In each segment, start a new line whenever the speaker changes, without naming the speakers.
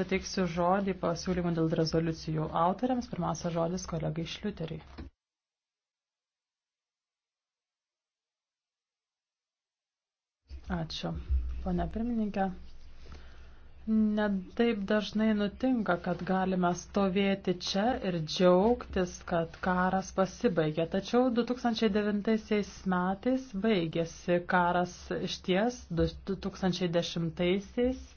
Pateiksiu žodį pasiūlymų dėl rezoliucijų autoriams. Pirmiausia žodis kolegai Šliuteriai. Ačiū, ponia pirmininkė. Netaip dažnai nutinka, kad galime stovėti čia ir džiaugtis, kad karas pasibaigė. Tačiau 2009 metais baigėsi karas išties, 2010 metais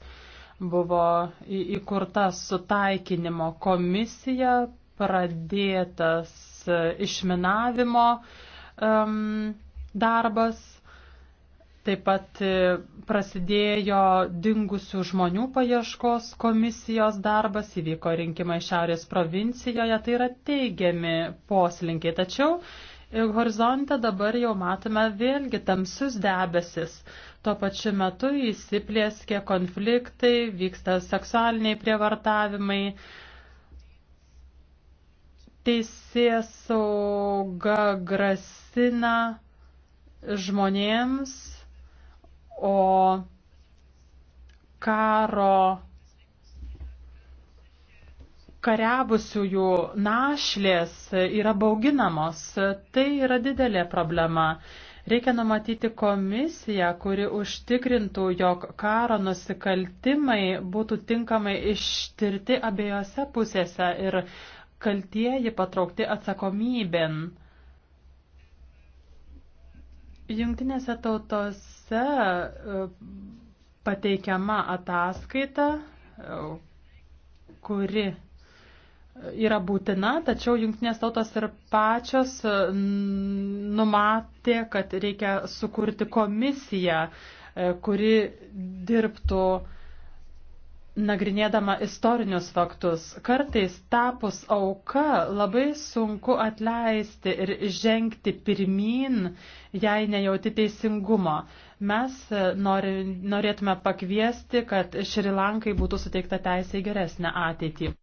Buvo įkurta sutaikinimo komisija, pradėtas e, išminavimo um, darbas, taip pat e, prasidėjo dingusių žmonių paieškos komisijos darbas, įvyko rinkimai Šiaurės provincijoje, tai yra teigiami poslinkiai. Tačiau Horizonte dabar jau matome vėlgi tamsius debesis. Tuo pačiu metu įsiplėskė konfliktai, vyksta seksualiniai prievartavimai. Teisės sauga grasina žmonėms, o karo kariavusiųjų našlės yra bauginamos. Tai yra didelė problema. Reikia numatyti komisiją, kuri užtikrintų, jog karo nusikaltimai būtų tinkamai ištirti abiejose pusėse ir kaltieji patraukti atsakomybėn. Jungtinėse tautose e, pateikiama ataskaita, e, kuri yra būtina, tačiau jungtinės tautos ir pačios e, numatė, kad reikia sukurti komisiją, e, kuri dirbtų nagrinėdama istorinius faktus. Kartais tapus auka labai sunku atleisti ir žengti pirmin, jei nejauti teisingumo. Mes e, nori, norėtume pakviesti, kad Šrilankai būtų suteikta teisė į geresnę ateitį.